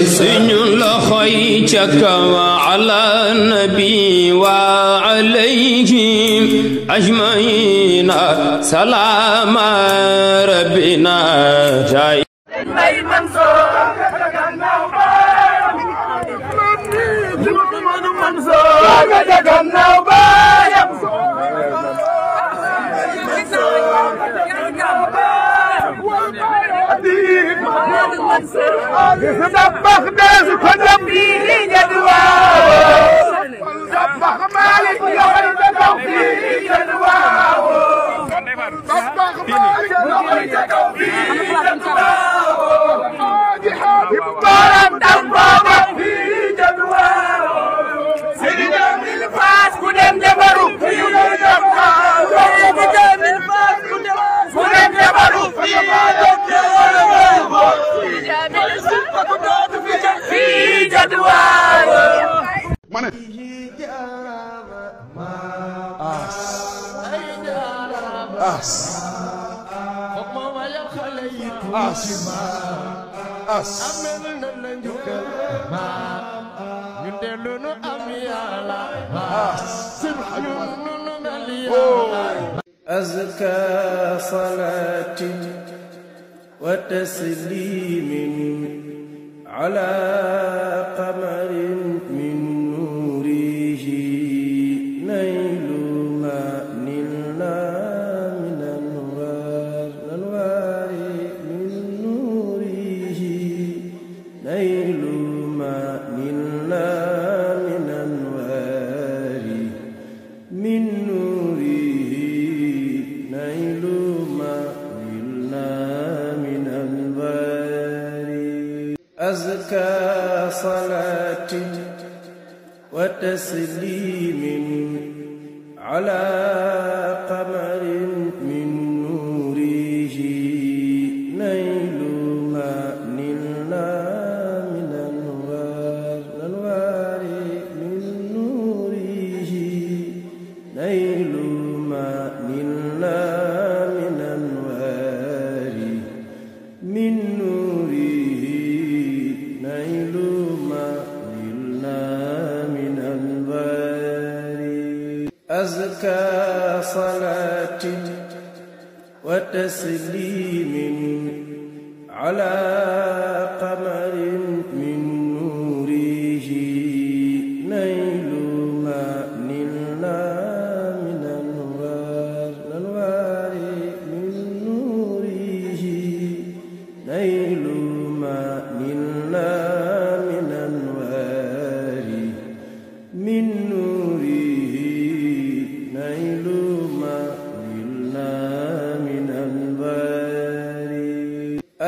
سن لخيتك وعلى النبي وعليهم أجمعين سلام ربنا جاي أس أس أس أس أزكى صلاة وتسليم على قمر أزكى صلاة وتسليم على وتسليم على قمر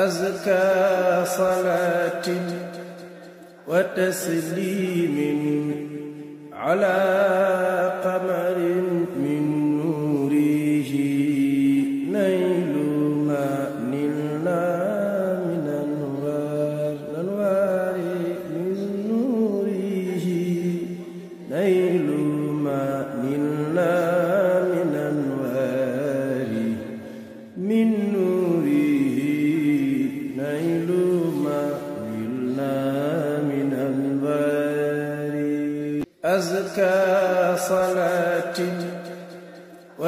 أزكى صلاة وتسليم على قمر من نوره نيل ما نلنا من أنوار أنوار من نوره نيل ما نلنا من أنوار من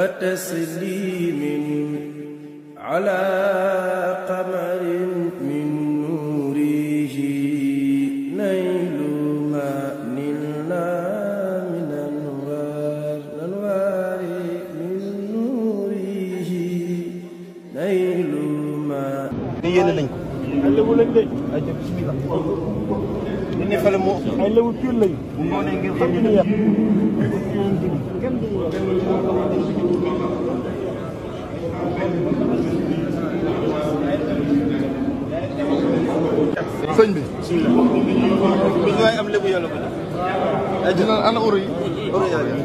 وتسليم على قمر من نوره نيل ما نلنا من أنوار أنوار من نوره نيل ما اللي بقول لك ده اجل بسم الله اني فلم مؤمن اللي بقول لك ومونا ينجل خمية sëñ bi bu ñu waay am lébu yàlla ko def dina ana uri uri yàlla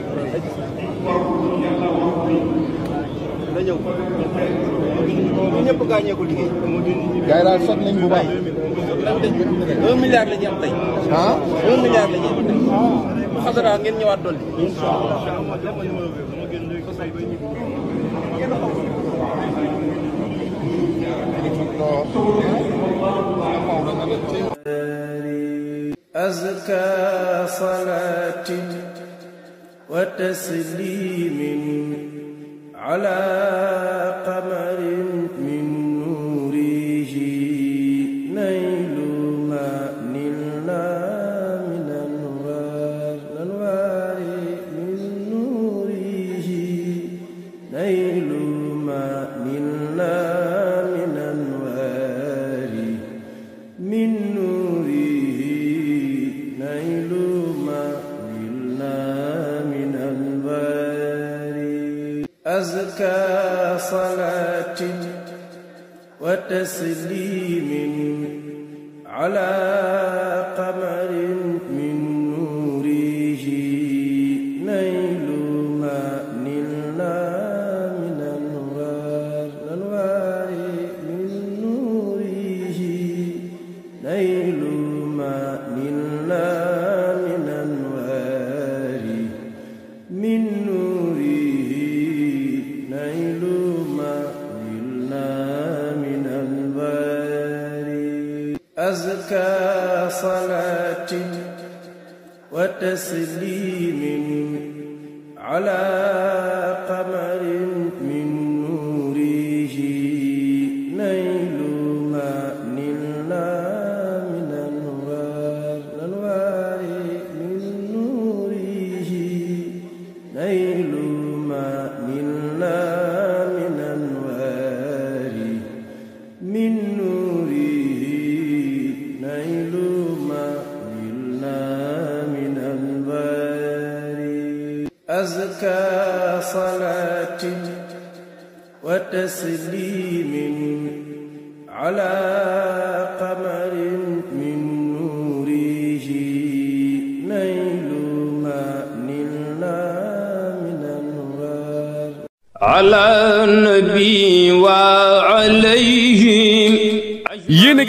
na ñëw ñëpp gaañee ko liggéey. gars milliard la ñu am tey. ah un milliard la ñu am tey. xadara ngeen ñëwaat dolli. incha أزكى صلاة وتسليم على وتسليم على قمر من نوره نيلها نلنا من أنوار الأنوار من نوره نيل أزكى صلاة وتسليم على أزكى صلاة وتسليم على قمر من نوره نيل ما نلنا من أنوار على النبي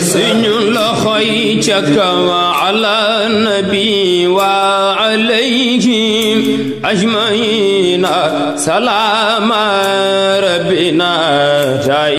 سن لخي شك على النبي وعليه أجمعين سلام ربنا جاي